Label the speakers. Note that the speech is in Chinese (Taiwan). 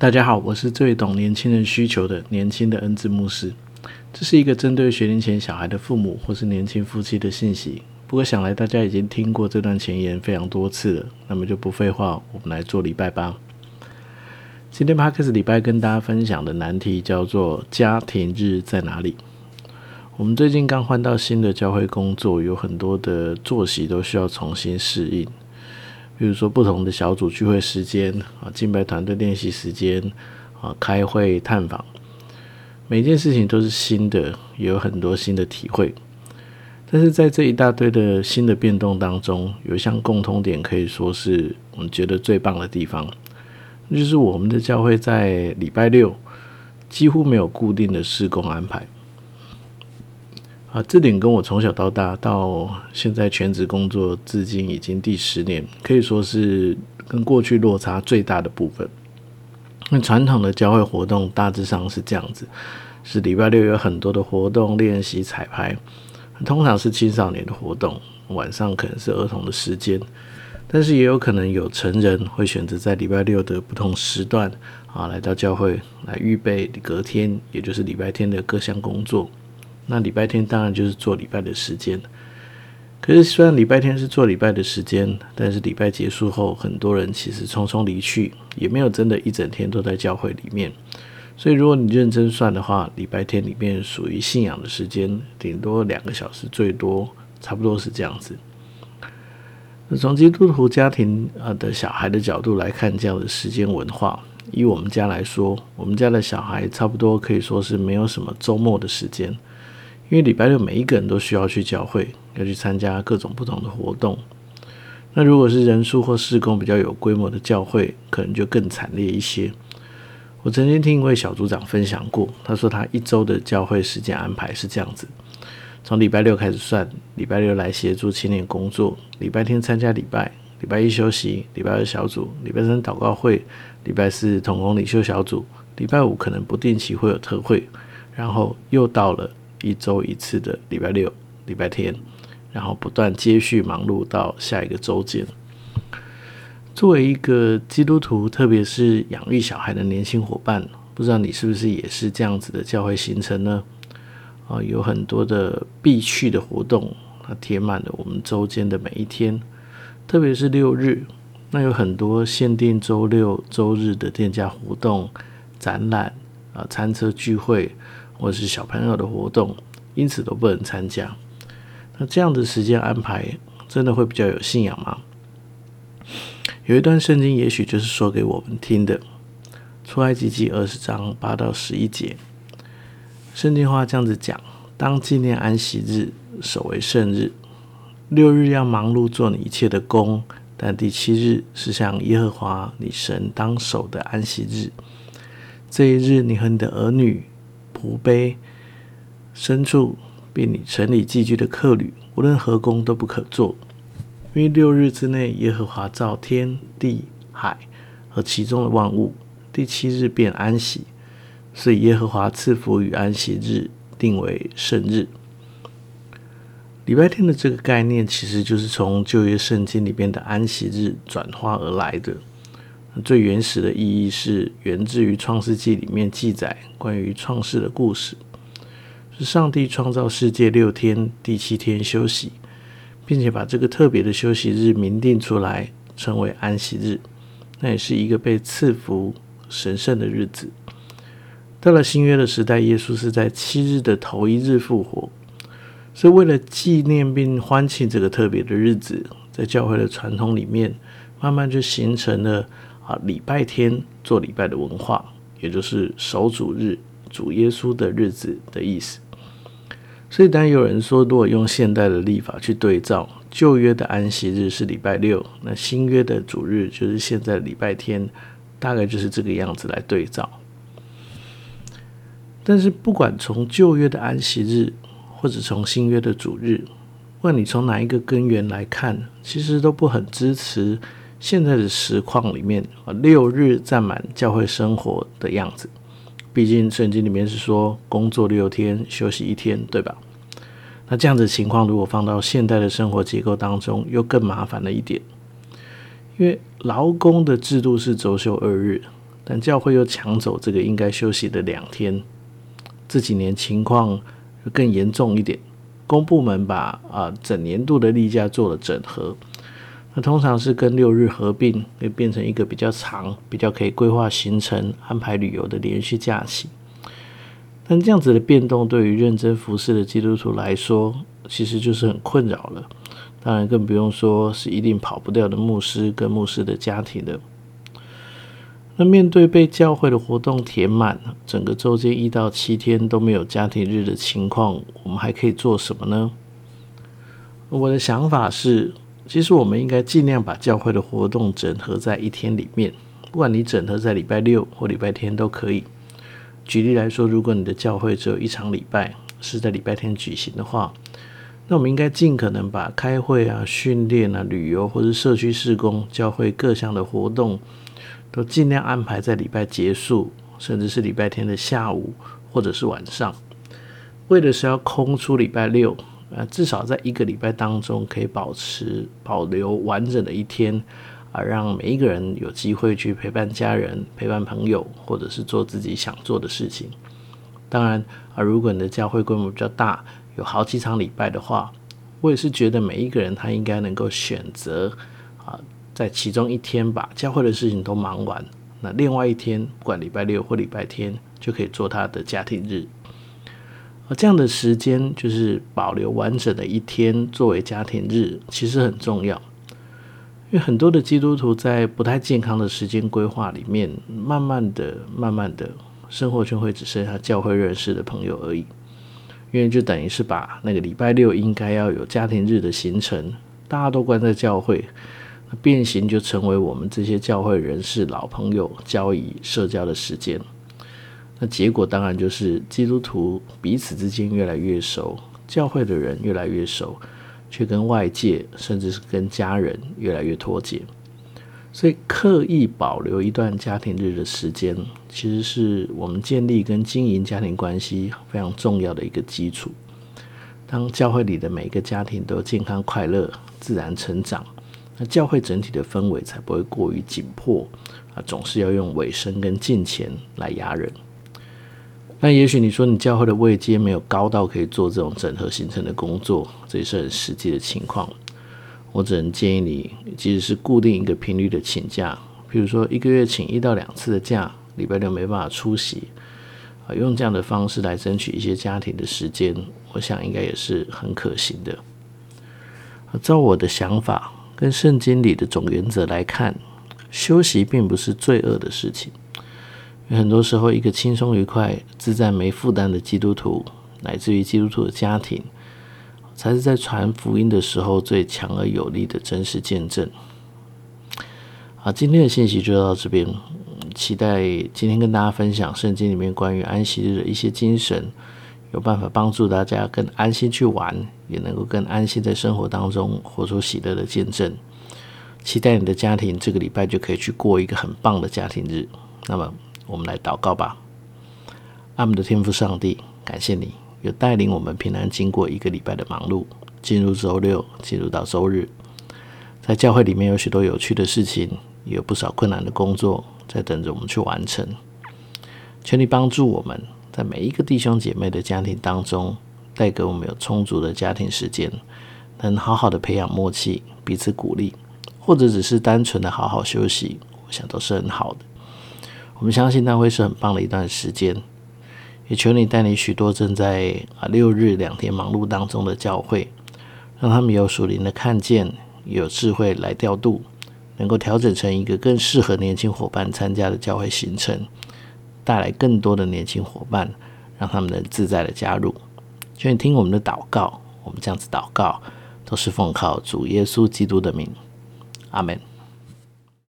Speaker 1: 大家好，我是最懂年輕人需求的年輕的恩智牧師。這是一個針對學齡前小孩的父母或是年輕夫妻的信息。不過想來大家已經聽過這段前言非常多次了，那麼就不廢話，我們來做禮拜吧。今天 podcast 禮拜跟大家分享的難題叫做家庭日在哪裡？我們最近剛換到新的教會工作，有很多的作息都需要重新適應。比如說，不同的小組聚會時間啊，敬拜團隊練習時間啊，開會探訪，每一件事情都是新的，也有很多新的體會。但是在這一大堆的新的變動當中，有一項共通點，可以說是我們覺得最棒的地方，就是我們的教會在禮拜六幾乎沒有固定的事工安排。啊，這點跟我從小到大到現在全職工作，至今已經第十年，可以說是跟過去落差最大的部分。那傳統的教會活動大致上是這樣子：是禮拜六有很多的活動練習彩排，通常是青少年的活動，晚上可能是兒童的時間，但是也有可能有成人會選擇在禮拜六的不同時段啊來到教會來預備隔天，也就是禮拜天的各項工作。那禮拜天當然就是做禮拜的時間。可是雖然禮拜天是做禮拜的時間，但是禮拜結束後，很多人其實匆匆離去，也沒有真的一整天都在教會裡面。所以如果你認真算的話，禮拜天裡面屬於信仰的時間，頂多兩個小時，最多差不多是這樣子。那從基督徒家庭啊的小孩的角度來看，這樣的時間文化，以我們家來說，我們家的小孩差不多可以說是沒有什麼週末的時間。因為禮拜六每一個人都需要去教會，要去參加各種不同的活動。那如果是人數或事工比較有規模的教會，可能就更慘烈一些。我曾經聽一位小組長分享過，他說他一周的教會時間安排是這樣子：從禮拜六開始算，禮拜六來協助青年工作，禮拜天參加禮拜，禮拜一休息，禮拜二小組，禮拜三禱告會，禮拜四同工領袖小組，禮拜五可能不定期會有特會，然後又到了。一週一次的禮拜六、禮拜天，然後不斷接續忙碌到下一個週間。作為一個基督徒，特別是養育小孩的年輕夥伴，不知道你是不是也是這樣子的教會行程呢？啊，有很多的必去的活動，它填滿了我們週間的每一天。特別是六日，那有很多限定週六、週日的店家活動、展覽啊、餐車聚會。或是小朋友的活動，因此都不能參加。那這樣的時間安排，真的會比較有信仰嗎？有一段聖經，也許就是說給我們聽的，《出埃及記》二十章八到十一節，聖經話這樣子講：當紀念安息日，守為聖日。六日要忙碌做你一切的工，但第七日是向耶和華你神當守的安息日。這一日，你和你的兒女。湖北深處，並你城裡寄居的客旅，無論何工都不可做，因為六日之內，耶和華造天地海和其中的萬物，第七日便安息，所以耶和華賜福與安息日，定為聖日。禮拜天的這個概念，其實就是從舊約聖經裡邊的安息日轉化而來的。最原始的意義是源自於《創世紀》裡面記載關於創世的故事，是上帝創造世界六天，第七天休息，並且把這個特別的休息日明定出來，稱為安息日。那也是一個被賜福神聖的日子。到了新約的時代，耶穌是在七日的頭一日復活，所以為了紀念並歡慶這個特別的日子。在教會的傳統裡面，慢慢就形成了。啊，禮拜天做禮拜的文化，也就是守主日、主耶穌的日子的意思。所以，當然有人說，如果用現代的曆法去對照舊約的安息日是禮拜六，那新約的主日就是現在禮拜天，大概就是這個樣子來對照。但是，不管從舊約的安息日，或者從新約的主日，不管你從哪一個根源來看，其實都不很支持，現在的實況裡面，啊、六日佔滿教會生活的樣子。畢竟聖經裡面是說工作六天，休息一天，對吧？那這樣子情況如果放到現代的生活結構當中，又更麻煩了一點。因為勞工的制度是週休二日，但教會又搶走這個應該休息的兩天。這幾年情況又更嚴重一點，公部門把啊整年度的例假做了整合。那通常是跟六日合併，會變成一個比較長、比較可以規劃行程、安排旅遊的連續假期。但這樣子的變動，對於認真服侍的基督徒來說，其實就是很困擾了。當然，更不用說是一定跑不掉的牧師跟牧師的家庭的。那面對被教會的活動填滿，整個週間一到七天都沒有家庭日的情況，我們還可以做什麼呢？我的想法是。其實我們應該盡量把教會的活動整合在一天裡面，不管你整合在禮拜六或禮拜天都可以。舉例來說，如果你的教會只有一場禮拜是在禮拜天舉行的話，那我們應該盡可能把開會啊、訓練啊、旅遊或者社區事工、教會各項的活動，都盡量安排在禮拜結束，甚至是禮拜天的下午或者是晚上，為的是要空出禮拜六。啊，至少在一個禮拜當中，可以保持保留完整的一天，啊，讓每一個人有機會去陪伴家人、陪伴朋友，或者是做自己想做的事情。當然，啊，如果你的教會規模比較大，有好幾場禮拜的話，我也是覺得每一個人他應該能夠選擇，啊，在其中一天把教會的事情都忙完，那另外一天，不管禮拜六或禮拜天，就可以做他的家庭日。而這樣的時間，就是保留完整的一天作為家庭日，其實很重要。因為很多的基督徒在不太健康的時間規劃裡面，慢慢的、慢慢的，生活圈會只剩下教會認識的朋友而已。因為就等於是把那個禮拜六應該要有家庭日的行程，大家都關在教會，變形就成為我們這些教會人士老朋友交誼社交的時間。那結果當然就是基督徒彼此之間越來越熟，教會的人越來越熟，卻跟外界甚至是跟家人越來越脫節。所以刻意保留一段家庭日的時間，其實是我們建立跟經營家庭關係非常重要的一個基礎。當教會裡的每一個家庭都健康快樂、自然成長，那教會整體的氛圍才不會過於緊迫啊，總是要用尾聲跟金錢來壓人。但也許你說，你教會的位階沒有高到可以做這種整合行程的工作，這也是很實際的情況。我只能建議你，即使是固定一個頻率的請假，比如說一個月請一到兩次的假，禮拜六沒辦法出席，啊，用這樣的方式來爭取一些家庭的時間，我想應該也是很可行的。啊，照我的想法跟聖經裡的總原則來看，休息並不是罪惡的事情。有很多時候，一個輕鬆愉快、自在沒負擔的基督徒，乃至於基督徒的家庭，才是在傳福音的時候最強而有力的真實見證。好，今天的信息就到這邊。期待今天跟大家分享聖經裡面關於安息日的一些精神，有辦法幫助大家更安心去玩，也能夠更安心在生活當中活出喜樂的見證。期待你的家庭這個禮拜就可以去過一個很棒的家庭日。那麼。我們來禱告吧。阿們的天父上帝，感謝你有帶領我們平安經過一個禮拜的忙碌，進入週六，進入到週日，在教會裡面有許多有趣的事情，也有不少困難的工作在等着我們去完成。求你幫助我們在每一個弟兄姐妹的家庭當中，帶給我們有充足的家庭時間，能好好的培養默契，彼此鼓勵，或者只是單純的好好休息，我想都是很好的。我們相信那會是很棒的一段時間，也求你帶領許多正在啊六日兩天忙碌當中的教會，讓他們有屬靈的看見，有智慧來調度，能夠調整成一個更適合年輕夥伴參加的教會行程，帶來更多的年輕夥伴，讓他們能自在的加入。請你聽我們的禱告，我們這樣子禱告，都是奉靠主耶穌基督的名，阿門。